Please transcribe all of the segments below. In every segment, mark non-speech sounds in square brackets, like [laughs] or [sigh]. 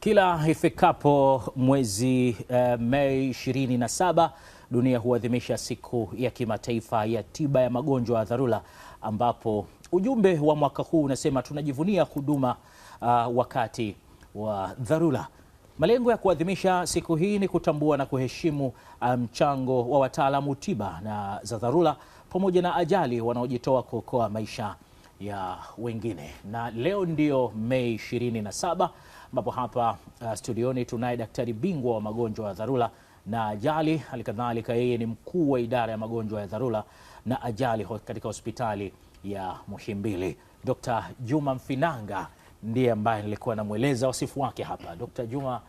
Kila ifikapo mwezi uh, Mei 27 dunia huadhimisha siku ya kimataifa ya tiba ya magonjwa ya dharura, ambapo ujumbe wa mwaka huu unasema tunajivunia huduma uh, wakati wa dharura. Malengo ya kuadhimisha siku hii ni kutambua na kuheshimu ah, mchango um, wa wataalamu tiba na za dharura pamoja na ajali wanaojitoa kuokoa maisha ya wengine, na leo ndio Mei 27 ambapo hapa uh, studioni tunaye daktari bingwa wa magonjwa ya dharura na ajali, halikadhalika yeye ni mkuu wa idara ya magonjwa ya dharura na ajali katika hospitali ya Muhimbili. Dr. Juma Mfinanga ndiye ambaye nilikuwa namweleza wasifu wake hapa. Dr. Juma,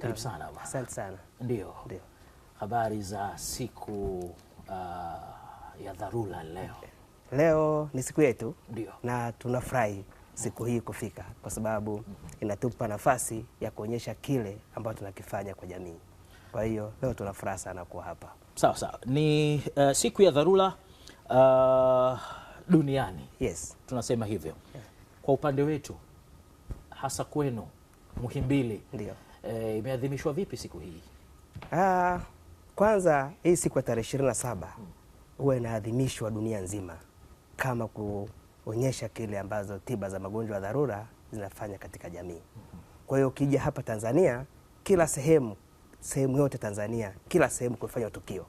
karibu sana. Asante sana. Ndio, ndio. Habari za siku uh, ya dharura leo? Leo ni siku yetu, ndio, na tunafurahi siku hii kufika, kwa sababu inatupa nafasi ya kuonyesha kile ambacho tunakifanya kwa jamii. Kwa hiyo leo tuna furaha sana kuwa hapa. Sawa sawa, ni uh, siku ya dharura uh, duniani. Yes, tunasema hivyo Kwa upande wetu hasa kwenu Muhimbili, ndio e, imeadhimishwa vipi siku hii? Ah, kwanza hii siku ya tarehe 27 huwa inaadhimishwa dunia nzima kama ku kuonyesha kile ambazo tiba za magonjwa ya dharura zinafanya katika jamii. Kwa hiyo ukija hapa Tanzania, kila sehemu sehemu yote Tanzania, kila sehemu kufanya tukio.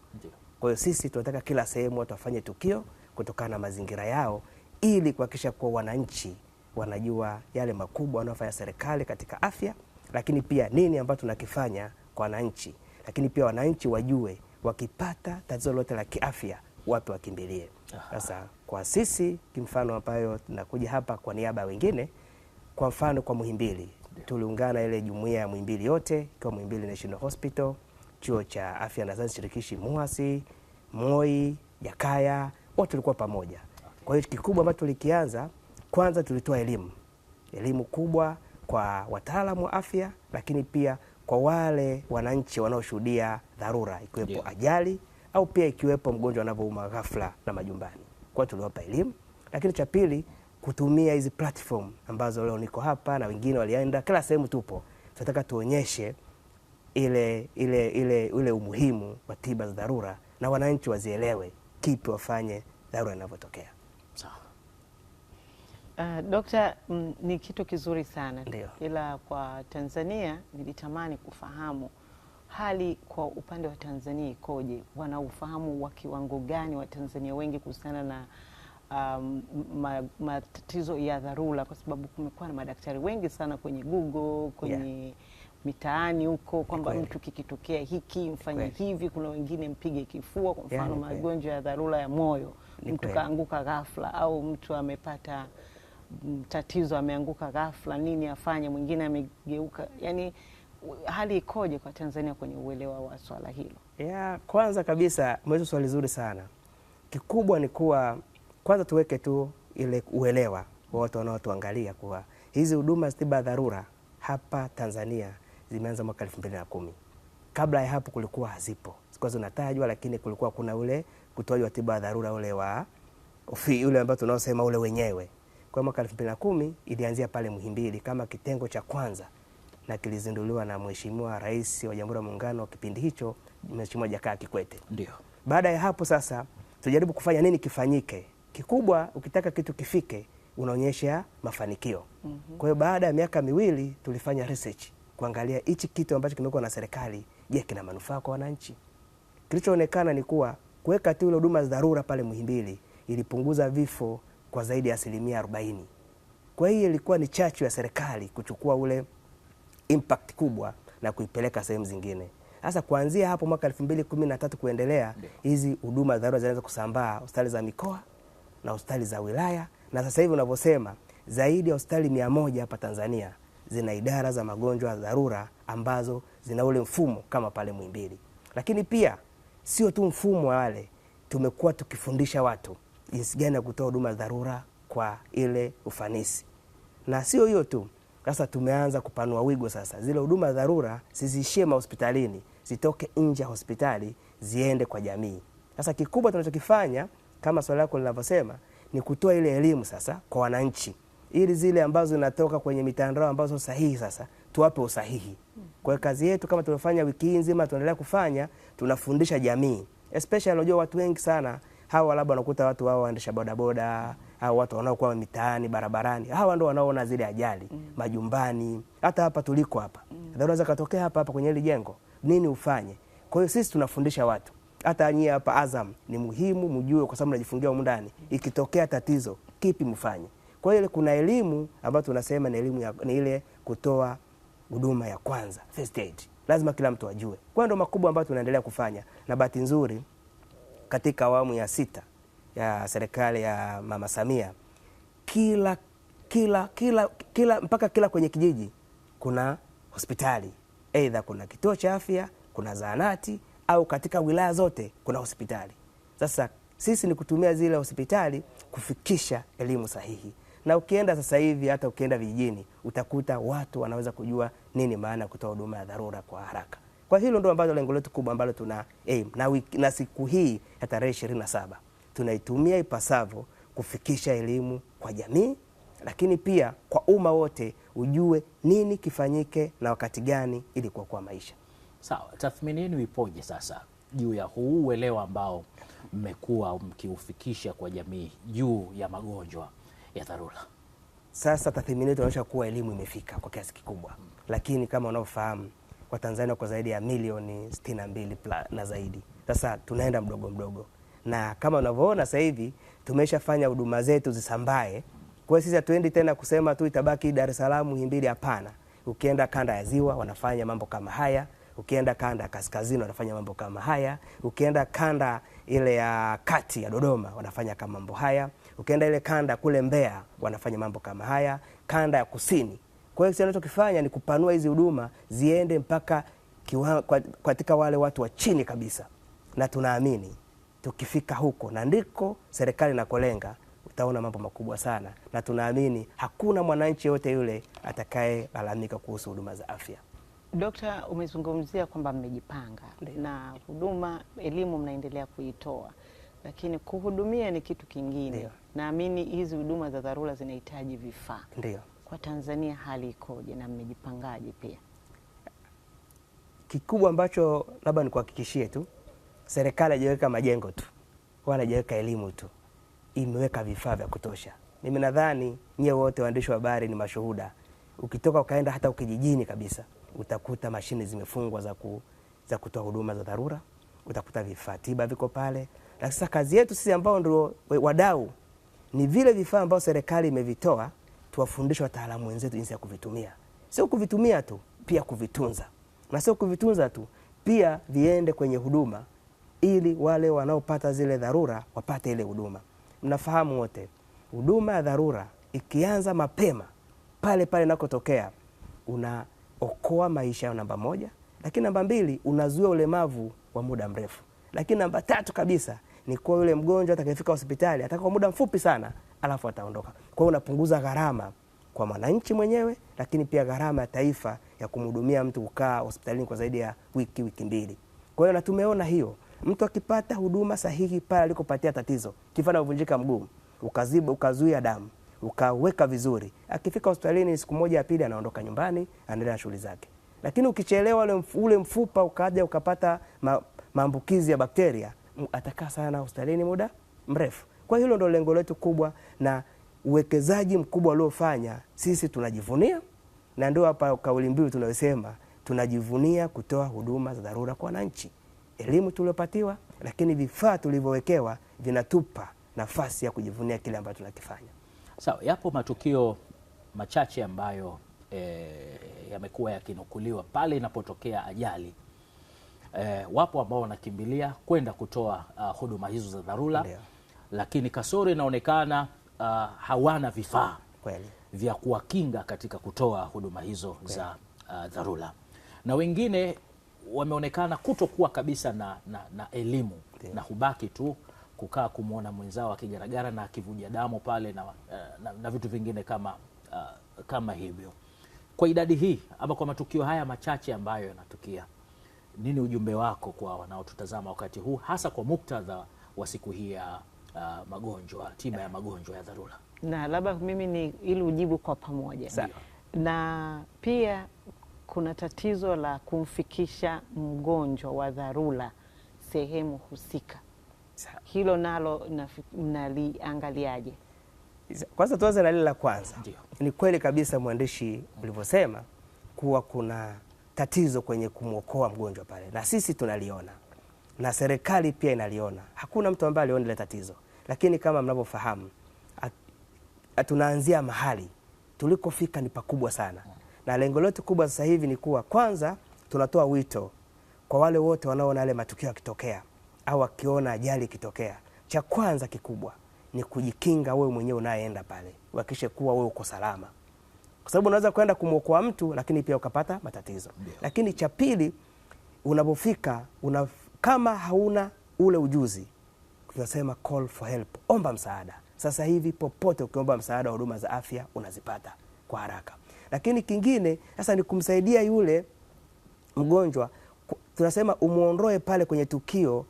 Kwa hiyo sisi tunataka kila sehemu watu wafanye tukio kutokana na mazingira yao, ili kuhakikisha kuwa wananchi wanajua yale makubwa wanayofanya serikali katika afya, lakini pia nini ambacho tunakifanya kwa wananchi, lakini pia wananchi wajue wakipata tatizo lolote la kiafya wapi wakimbilie. Ah. Sasa kwa sisi kimfano, ambayo tunakuja hapa kwa niaba ya wengine, kwa mfano kwa Muhimbili tuliungana ile jumuiya ya Muhimbili yote ikiwa Muhimbili National Hospital, chuo cha afya na sayansi shirikishi MUHASI, MOI, Jakaya, wote tulikuwa pamoja. Kwa hiyo kikubwa ambacho tulikianza kwanza, tulitoa elimu elimu kubwa kwa wataalamu wa afya, lakini pia kwa wale wananchi wanaoshuhudia dharura ikiwepo yeah, ajali au pia ikiwepo mgonjwa anavyouma ghafla na majumbani kwa tuliwapa elimu, lakini cha pili kutumia hizi platform ambazo leo niko hapa na wengine walienda, kila sehemu tupo, tunataka tuonyeshe ile ile ile ile umuhimu wa tiba za dharura na wananchi wazielewe kipi wafanye dharura inavyotokea. Uh, Dokta, mm, ni kitu kizuri sana. Ndiyo. Ila kwa Tanzania nilitamani kufahamu hali kwa upande wa Tanzania ikoje? Wana ufahamu wa kiwango gani wa tanzania wengi kuhusiana na um, matatizo ma, ya dharura? Kwa sababu kumekuwa na madaktari wengi sana kwenye Google kwenye yeah mitaani huko kwamba mtu kikitokea hiki mfanye hivi. Kuna wengine mpige kifua, kwa mfano magonjwa ya dharura ya moyo, mtu kaanguka ghafla, au mtu amepata mm, tatizo ameanguka ghafla, nini afanye? Mwingine amegeuka, yani hali ikoje kwa Tanzania kwenye uelewa wa swala hilo? Yeah, kwanza kabisa mwezo swali zuri sana. Kikubwa ni kuwa kwanza tuweke tu ile uelewa wa watu wanaotuangalia kuwa hizi huduma za tiba dharura hapa Tanzania zimeanza mwaka 2010. Kabla ya hapo kulikuwa hazipo, zilikuwa zinatajwa, lakini kulikuwa kuna ule utoaji wa tiba dharura ule wa ule ambao tunaosema ule wenyewe. Kwa mwaka 2010 ilianzia pale Muhimbili kama kitengo cha kwanza na kilizinduliwa na Mheshimiwa Rais wa Jamhuri ya Muungano kipindi hicho, Mheshimiwa Jakaya Kikwete. Ndio. Baada ya hapo sasa tujaribu kufanya nini kifanyike kikubwa. Ukitaka kitu kifike, unaonyesha mafanikio. mm -hmm. Kwa hiyo baada ya miaka miwili tulifanya research kuangalia hichi kitu ambacho kimekuwa na serikali, je, kina manufaa kwa wananchi? Kilichoonekana ni kuwa kuweka tu ile huduma za dharura pale Muhimbili ilipunguza vifo kwa zaidi ya asilimia 40. Kwa hiyo ilikuwa ni chachu ya serikali kuchukua ule impact kubwa na kuipeleka sehemu zingine. Sasa kuanzia hapo mwaka 2013 kuendelea, hizi huduma za dharura zinaanza kusambaa hospitali za mikoa na hospitali za wilaya, na sasa hivi unavyosema zaidi ya hospitali mia moja hapa Tanzania zina idara za magonjwa ya dharura ambazo zina ule mfumo kama pale Muhimbili. Lakini pia sio tu mfumo wale, tumekuwa tukifundisha watu jinsi gani ya kutoa huduma dharura kwa ile ufanisi, na sio hiyo tu sasa tumeanza kupanua wigo sasa, zile huduma dharura zisiishie mahospitalini, zitoke nje ya hospitali ziende kwa jamii. Sasa kikubwa tunachokifanya kama swali lako linavyosema ni kutoa ile elimu sasa kwa wananchi, ili zile ambazo zinatoka kwenye mitandao ambazo sahihi sasa tuwape usahihi. Kwa hiyo kazi yetu kama tuliofanya wiki hii nzima, tunaendelea kufanya, tunafundisha jamii especially. Unajua watu wengi sana hawa labda wanakuta watu wao waendesha bodaboda au watu wanaokuwa mitaani, barabarani, hawa ndio wanaoona zile ajali mm. majumbani, hata hapa tuliko hapa mm. unaweza katokea hapa hapa kwenye hili jengo, nini ufanye? Kwa hiyo sisi tunafundisha watu, hata nyie hapa Azam ni muhimu mjue, kwa sababu najifungia humu ndani, ikitokea tatizo kipi mfanye. Kwa hiyo kuna elimu ambayo tunasema ni elimu ya ni ile kutoa huduma ya kwanza, first aid, lazima kila mtu ajue. Kwa hiyo ndio makubwa ambayo tunaendelea kufanya, na bahati nzuri katika awamu ya sita ya serikali ya Mama Samia, kila kila kila kila mpaka kila kwenye kijiji kuna hospitali, aidha kuna kituo cha afya, kuna zahanati au katika wilaya zote kuna hospitali. Sasa sisi ni kutumia zile hospitali kufikisha elimu sahihi, na ukienda sasa hivi hata ukienda vijijini utakuta watu wanaweza kujua nini maana ya kutoa huduma ya dharura kwa haraka. Kwa hilo ndo ambalo lengo letu kubwa ambalo tuna aim na, na siku hii ya tarehe ishirini na saba tunaitumia ipasavyo kufikisha elimu kwa jamii, lakini pia kwa umma wote ujue nini kifanyike na wakati gani ili kuokoa maisha. Sawa, tathmini yenu ipoje sasa juu ya huu uelewa ambao mmekuwa mkiufikisha kwa jamii juu ya magonjwa ya dharura? Sasa tathmini yetu inaonyesha kuwa elimu imefika kwa kiasi kikubwa, mm. lakini kama unavyofahamu Watanzania kwa zaidi ya milioni 62 na zaidi. Sasa tunaenda mdogo mdogo na kama unavyoona sasa hivi tumeshafanya huduma zetu zisambae. Kwa hiyo sisi hatuendi tena kusema tu itabaki Dar es Salaam Himbili, hapana. Ukienda kanda ya Ziwa wanafanya mambo kama haya, ukienda kanda ya kaskazini wanafanya mambo kama haya, ukienda kanda ile ya kati ya Dodoma wanafanya kama mambo haya, ukienda ile kanda kule Mbeya wanafanya mambo kama haya, kanda ya kusini. Kwa hiyo tunachokifanya ni kupanua hizi huduma ziende mpaka katika wale watu wa chini kabisa, na tunaamini tukifika huko na ndiko serikali inakolenga, utaona mambo makubwa sana, na tunaamini hakuna mwananchi yote yule atakayelalamika kuhusu huduma za afya. Dokta, umezungumzia kwamba mmejipanga na huduma elimu mnaendelea kuitoa, lakini kuhudumia ni kitu kingine. Naamini hizi huduma za dharura zinahitaji vifaa. Ndio. Kwa Tanzania hali ikoje na mmejipangaje? Pia kikubwa ambacho labda nikuhakikishie tu serikali haijaweka majengo tu wala haijaweka elimu tu, imeweka vifaa vya kutosha. Mimi nadhani nyie wote waandishi wa habari ni mashuhuda. Ukitoka ukaenda hata ukijijini kabisa, utakuta mashine zimefungwa za, ku, za kutoa huduma za dharura, utakuta vifaa tiba viko pale. Lakini sasa kazi yetu sisi ambao ndio wadau ni vile vifaa ambavyo serikali imevitoa, tuwafundishe wataalamu wenzetu jinsi ya kuvitumia, sio kuvitumia tu, pia kuvitunza, na sio kuvitunza tu, pia viende kwenye huduma ili wale wanaopata zile dharura wapate ile huduma. Mnafahamu wote, huduma ya dharura ikianza mapema pale pale inakotokea, unaokoa maisha namba moja, lakini namba mbili unazuia ulemavu wa muda mrefu, lakini namba tatu kabisa ni kuwa yule mgonjwa atakayefika hospitali ataka kwa muda mfupi sana, alafu ataondoka. Kwa hiyo unapunguza gharama kwa mwananchi mwenyewe, lakini pia gharama ya taifa ya kumhudumia mtu kukaa hospitalini kwa zaidi ya wiki wiki mbili. Kwa hiyo na tumeona hiyo Mtu akipata huduma sahihi pale alikopatia tatizo, kifana uvunjika mguu, ukazibu ukazuia damu, ukaweka vizuri, akifika hospitalini siku moja ya pili anaondoka nyumbani, anaendelea na shughuli zake. Lakini ukichelewa ule mfupa ukaja ukapata ma, maambukizi ya bakteria, atakaa sana hospitalini muda mrefu. Kwa hiyo hilo ndo lengo letu kubwa na uwekezaji mkubwa uliofanya, sisi tunajivunia, na ndio hapa kauli mbiu tunayosema tunajivunia kutoa huduma za dharura kwa wananchi elimu tuliopatiwa, lakini vifaa tulivyowekewa vinatupa nafasi ya kujivunia kile ambacho tunakifanya. Sawa, yapo matukio machache ambayo e, yamekuwa yakinukuliwa pale inapotokea ajali e, wapo ambao wanakimbilia kwenda kutoa uh, huduma hizo za dharura, lakini kasoro inaonekana uh, hawana vifaa vya kuwakinga katika kutoa huduma hizo Kweli. za uh, dharura na wengine wameonekana kutokuwa kabisa na, na, na elimu yeah. na hubaki tu kukaa kumwona mwenzao akigaragara na akivuja damu pale na, eh, na, na vitu vingine kama, uh, kama hivyo. Kwa idadi hii ama kwa matukio haya machache ambayo yanatukia, nini ujumbe wako kwa wanaotutazama wakati huu, hasa kwa muktadha wa siku hii ya uh, magonjwa, tiba ya magonjwa ya dharura? Na labda mimi ni ili ujibu kwa pamoja Sa. na pia kuna tatizo la kumfikisha mgonjwa wa dharura sehemu husika. Hilo nalo mnaliangaliaje? Kwanza tuanze na lile la kwanza. Ndiyo. Ni kweli kabisa mwandishi ulivyosema kuwa kuna tatizo kwenye kumwokoa mgonjwa pale, na sisi tunaliona na serikali pia inaliona. Hakuna mtu ambaye aliona ile tatizo, lakini kama mnavyofahamu, tunaanzia mahali tulikofika ni pakubwa sana na lengo letu kubwa sasa hivi ni kuwa kwanza, tunatoa wito kwa wale wote wanaoona yale matukio yakitokea au wakiona ajali ikitokea, cha kwanza kikubwa ni kujikinga wewe mwenyewe unayeenda pale, uhakikishe kuwa wewe uko salama, kwa sababu unaweza kwenda kumwokoa mtu lakini pia ukapata matatizo Deo. Lakini cha pili, unapofika una, kama hauna ule ujuzi, tunasema call for help, omba msaada. Sasa hivi popote ukiomba msaada, huduma za afya unazipata kwa haraka. Lakini kingine sasa ni kumsaidia yule mgonjwa, tunasema umuondoe pale kwenye tukio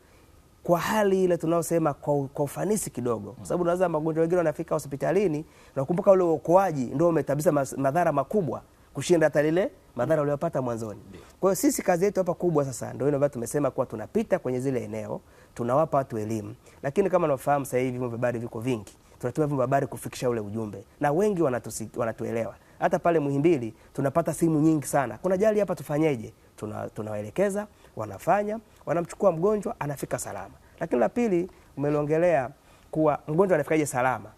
kwa hali ile tunaosema kwa, kwa ufanisi kidogo, kwa sababu unaweza magonjwa wengine wanafika hospitalini, nakumbuka ule uokoaji ndio umetabisa madhara makubwa kushinda hata lile madhara uliyopata mwanzoni. Kwa hiyo sisi kazi yetu hapa kubwa sasa ndio ile ambayo tumesema kuwa tunapita kwenye zile eneo, tunawapa watu elimu, lakini kama unafahamu sasa hivi vyombo vya habari viko vingi, tunatumia vyombo vya habari kufikisha ule ujumbe na wengi wanatu, wanatuelewa. Hata pale Muhimbili tunapata simu nyingi sana, kuna jali hapa, tufanyeje? Tuna, Tunawaelekeza, wanafanya, wanamchukua mgonjwa, anafika salama. Lakini la pili umeliongelea kuwa mgonjwa anafikaje salama.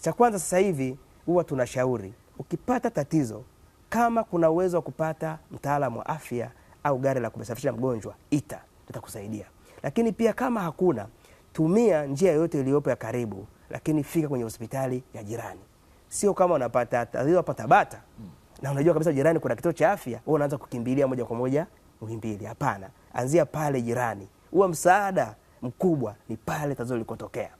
Cha kwanza sasa hivi huwa tunashauri ukipata tatizo, kama kuna uwezo wa kupata mtaalamu wa afya au gari la kumsafirisha mgonjwa, ita tutakusaidia. Lakini pia kama hakuna, tumia njia yoyote iliyopo ya karibu, lakini fika kwenye hospitali ya jirani sio kama unapata atadhiwa patabata mm. na unajua kabisa jirani kuna kituo cha afya, wewe unaanza kukimbilia moja kwa moja Muhimbili. Hapana, anzia pale jirani. Huwa msaada mkubwa ni pale tatizo lilikotokea.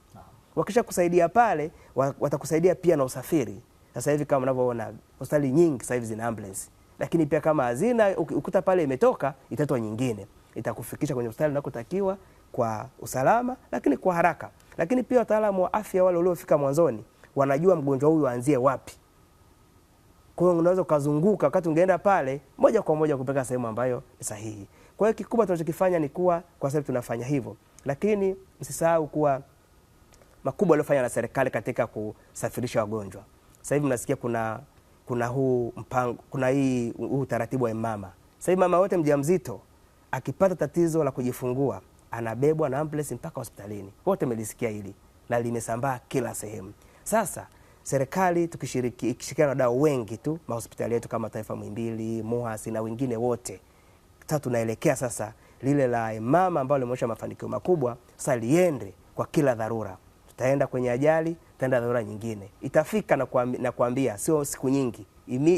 Wakisha kusaidia pale, watakusaidia pia na usafiri. Sasa hivi kama unavyoona hospitali nyingi sasa hivi zina ambulance, lakini pia kama hazina, ukuta pale imetoka, itatoa nyingine itakufikisha kwenye hospitali unakotakiwa kwa usalama, lakini kwa haraka. Lakini pia wataalamu wa afya wale waliofika mwanzoni wanajua mgonjwa huyu aanzie wapi. Kwa hiyo unaweza ukazunguka, wakati ungeenda pale moja kwa moja kupeka sehemu ambayo ni sahihi. Kwa hiyo kikubwa tunachokifanya ni kuwa, kwa sababu tunafanya hivyo, lakini msisahau kuwa makubwa aliyofanya na serikali katika kusafirisha wagonjwa. Sasa hivi mnasikia kuna kuna huu mpango, kuna hii huu utaratibu wa mama. Sasa hivi mama wote mjamzito akipata tatizo la kujifungua anabebwa na ambulance mpaka hospitalini. Wote mmelisikia hili na limesambaa kila sehemu. Sasa serikali ikishirikiana na wadau wengi tu, mahospitali yetu kama Taifa Muhimbili, MUHAS na wengine wote, sasa tunaelekea sasa lile la mama ambalo limeonyesha mafanikio makubwa, sasa liende kwa kila dharura. Tutaenda kwenye ajali, tutaenda dharura nyingine, itafika na kuambia, sio siku nyingi,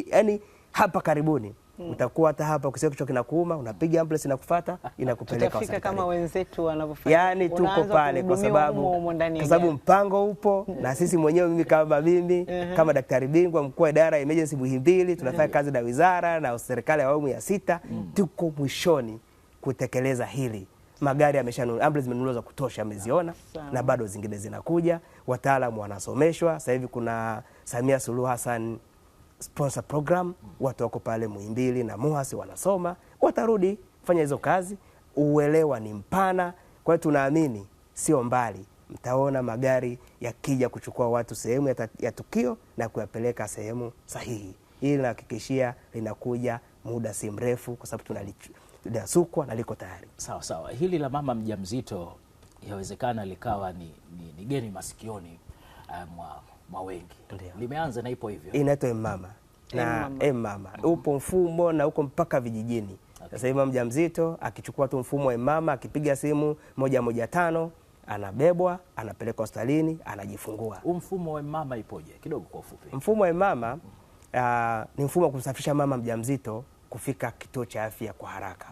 yaani hapa karibuni mm. Utakuwa hata hapa ukisikia kichwa kinakuuma, unapiga ambulance inakufuata, inakupeleka hospitali kama wenzetu wanavyofanya. Yaani tuko pale kwa sababu kwa sababu mpango upo na mm. sisi mwenyewe, mimi kama mimi kama daktari bingwa mkuu wa idara ya emergency Muhimbili, tunafanya mm. kazi na wizara na serikali ya awamu ya sita, mm. tuko mwishoni kutekeleza hili magari yameshanunua, ambulance zimenunuliwa za kutosha, ameziona na bado zingine zinakuja, wataalamu wanasomeshwa. Sasa hivi kuna Samia Suluhu Hassan sponsor program, watu wako pale Muhimbili na Muhasi wanasoma, watarudi fanya hizo kazi. Uelewa ni mpana, kwa hiyo tunaamini sio mbali, mtaona magari yakija kuchukua watu sehemu ya, ya tukio na kuyapeleka sehemu sahihi. Hili linahakikishia linakuja muda si mrefu, kwa sababu tunasukwa na liko tayari. Sawa sawa, hili la mama mjamzito yawezekana likawa ni, ni, ni geni masikioni eh, mwa mwa wengi. Limeanza na ipo hivyo, inaitwa Emama na Emama upo mfumo na uko mpaka vijijini. Sasa hivi mja mzito akichukua tu mfumo wa Emama, akipiga simu moja moja tano anabebwa anapelekwa hospitalini anajifungua. Mfumo wa mama ipoje? Kidogo kwa ufupi, mfumo wa mama uh, ah, ni mfumo wa kumsafisha mama mjamzito kufika kituo cha afya kwa haraka.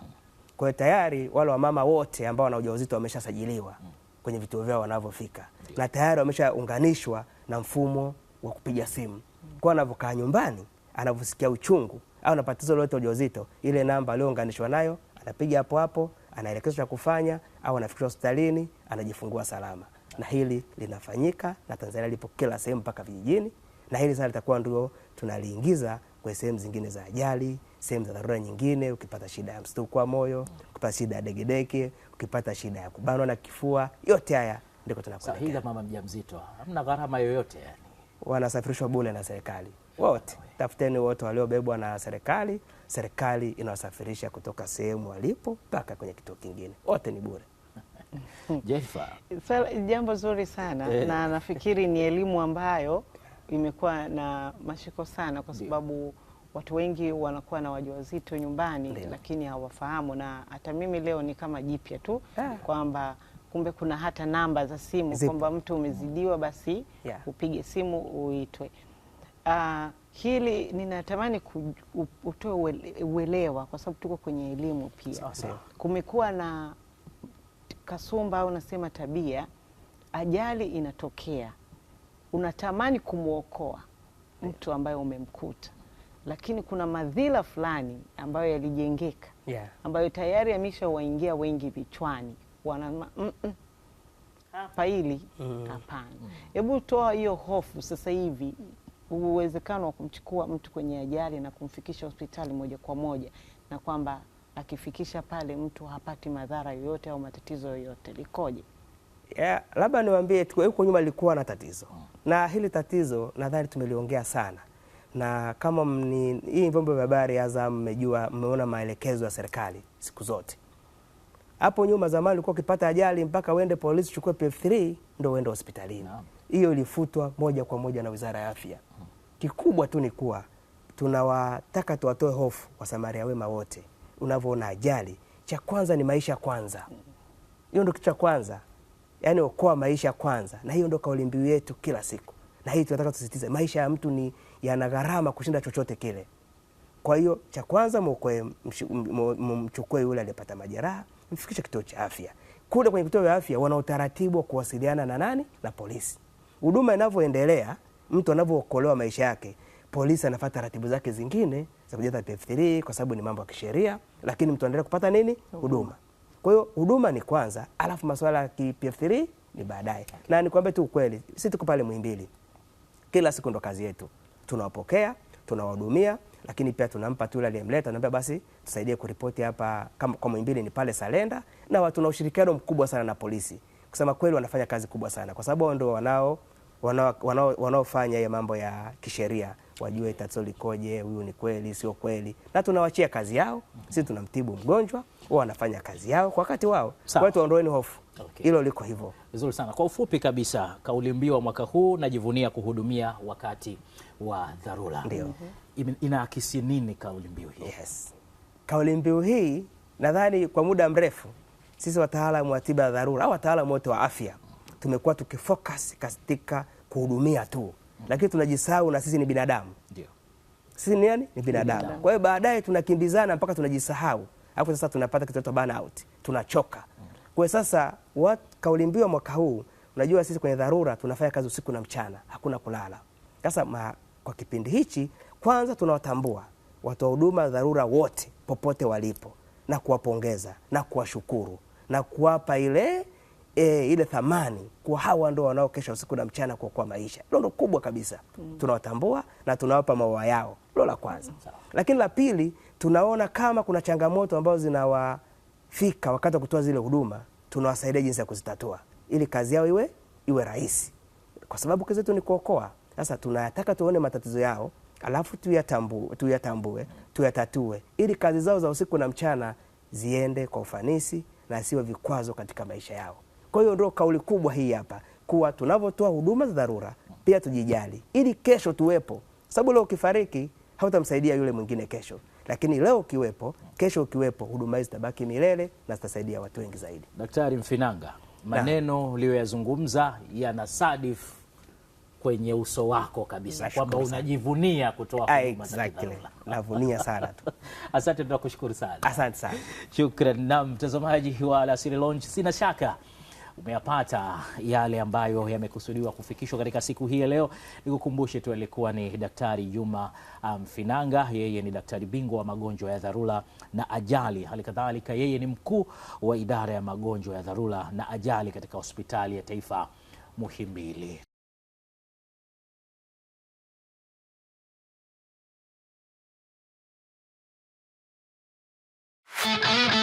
Kwa hiyo tayari wale wamama wote ambao wana ujauzito wameshasajiliwa hmm. kwenye vituo vyao wanavyofika, na tayari wameshaunganishwa na mfumo wa kupiga simu. Kwa anavyokaa nyumbani, anavyosikia uchungu au na tatizo lolote ujauzito, ile namba aliyounganishwa nayo anapiga hapo hapo, anaelekezwa cha kufanya au anafikishwa hospitalini, anajifungua salama. Na hili linafanyika na Tanzania lipo kila sehemu mpaka vijijini, na hili sasa litakuwa ndio tunaliingiza kwa sehemu zingine za ajali, sehemu za dharura nyingine. Ukipata shida ya mshtuko wa moyo, ukipata shida ya degedege, ukipata shida ya kubanwa na kifua, yote haya ndiko tunakwenda. Sahihi, mama mjamzito, hamna gharama yoyote yani. Wanasafirishwa bure na serikali wote, tafuteni wote waliobebwa na serikali. Serikali inawasafirisha kutoka sehemu walipo mpaka kwenye kituo kingine, wote ni bure. [laughs] Jenifer, jambo zuri sana eh, na nafikiri ni elimu ambayo imekuwa na mashiko sana kwa sababu watu wengi wanakuwa na wajawazito nyumbani Dio. lakini hawafahamu na hata mimi leo ni kama jipya tu ah. kwamba kumbe kuna hata namba za simu kwamba mtu umezidiwa, basi yeah. upige simu uitwe. Uh, hili ninatamani utoe uelewa kwa sababu tuko kwenye elimu pia. Kumekuwa na kasumba au nasema tabia, ajali inatokea, unatamani kumwokoa mtu ambaye umemkuta, lakini kuna madhila fulani ambayo yalijengeka, ambayo tayari yameshawaingia wengi vichwani wanasema mm -mm. hapa hili hapana. mm. Hebu toa hiyo hofu sasa hivi uwezekano wa kumchukua mtu kwenye ajali na kumfikisha hospitali moja kwa moja, na kwamba akifikisha pale mtu hapati madhara yoyote au matatizo yoyote likoje? Yeah, labda niwaambie tu, huko nyuma lilikuwa na tatizo na hili tatizo nadhani tumeliongea sana, na kama hii vyombo vya habari Azam, mmejua mmeona maelekezo ya serikali siku zote hapo nyuma zamani ulikuwa ukipata ajali mpaka uende polisi uchukue PF3 ndio uende hospitalini. Hiyo ilifutwa moja kwa moja na Wizara ya Afya. Kikubwa tu ni kuwa tunawataka tuwatoe hofu Samaria wema wote. Unavyoona ajali, cha kwanza ni maisha kwanza. Hiyo ndio kitu cha kwanza, yaani okoa maisha kwanza, na hiyo ndio kauli mbiu yetu kila siku, na hii tunataka tusisitize, maisha ya mtu ni yana gharama kushinda chochote kile. Kwa hiyo cha kwanza mwokoe, mchukue yule aliyepata majeraha mfikishe kituo cha afya. Kule kwenye vituo vya afya wana utaratibu wa kuwasiliana na nani? Na polisi. Huduma inavyoendelea, mtu anavyookolewa maisha yake, polisi anafuata taratibu zake zingine za kujaza PF3 kwa sababu ni mambo ya kisheria, lakini mtu anaendelea kupata nini? Huduma. Kwa hiyo huduma ni kwanza, alafu masuala ya PF3 ni baadaye. Na nikwambie tu ukweli, sisi tuko pale Muhimbili, kila siku ndo kazi yetu, tunawapokea tunawahudumia lakini pia tunampa tu yule aliyemleta, naambia basi tusaidie kuripoti hapa, kama kwa Muhimbili ni pale Salenda, na na ushirikiano mkubwa sana na polisi. Kusema kweli, wanafanya kazi kubwa sana, kwa sababu wao ndio wanao wanaofanya wanao mambo ya kisheria, wajue tatizo likoje, huyu ni kweli sio kweli, na tunawachia kazi yao. Sisi tunamtibu mgonjwa, wao wanafanya kazi yao kwa wakati wao. Kwa hiyo tuondoeni hofu hilo, okay. Liko hivyo vizuri sana. Kwa ufupi kabisa, kauli mbiu wa mwaka huu, najivunia kuhudumia wakati wa dharura. Ndio inaakisi nini kauli mbiu hii? Yes, kauli mbiu hii nadhani kwa muda mrefu sisi wataalamu wa tiba ya dharura au wataalamu wote wa afya tumekuwa tukifocus katika kuhudumia tu, mm. lakini tunajisahau na sisi ni binadamu. Ndio. Sisi ni nani? Ni binadamu. Kwa hiyo baadaye tunakimbizana mpaka tunajisahau, alafu sasa tunapata kitu cha burnout, tunachoka. Mm. Kwa sasa kauli mbiu ya mwaka huu, unajua sisi kwenye dharura tunafanya kazi usiku na mchana, hakuna kulala. Sasa kwa kipindi hichi, kwanza tunawatambua watoa huduma dharura wote popote walipo na kuwapongeza na kuwashukuru na kuwapa ile e, ile thamani kwa hawa ndo wanaokesha usiku na mchana kwa maisha. Hilo ndo kubwa kabisa mm. tunawatambua na tunawapa maua yao, hilo la kwanza mm. Lakini la pili, tunaona kama kuna changamoto ambazo zinawafika wakati wa kutoa zile huduma, tunawasaidia jinsi ya kuzitatua ili kazi yao iwe iwe rahisi, kwa sababu kazi yetu ni kuokoa. Sasa tunayataka tuone matatizo yao alafu tuyatambue, tuyatambue tuyatatue, ili kazi zao za usiku na mchana ziende kwa ufanisi na siwe vikwazo katika maisha yao. Kwa hiyo ndio kauli kubwa hii hapa kuwa tunavyotoa huduma za dharura pia tujijali, ili kesho tuwepo, sababu leo ukifariki hautamsaidia yule mwingine kesho, lakini leo ukiwepo, kesho ukiwepo, huduma hizi zitabaki milele na zitasaidia watu wengi zaidi. Daktari Mfinanga, maneno uliyoyazungumza sadifu kwenye uso wako kabisa kwamba unajivunia kutoa ah, huduma za kidharura. Navunia sana tu. [laughs] Asante, tunakushukuru sana. Asante sana, shukran. Na mtazamaji wa Alasiri Lounge, sina shaka umeyapata yale ambayo yamekusudiwa kufikishwa katika siku hii ya leo. Nikukumbushe tu, alikuwa ni Daktari Juma Mfinanga, um, yeye ni daktari bingwa wa magonjwa ya dharura na ajali. Hali kadhalika yeye ni mkuu wa idara ya magonjwa ya dharura na ajali katika hospitali ya taifa Muhimbili. Thank you.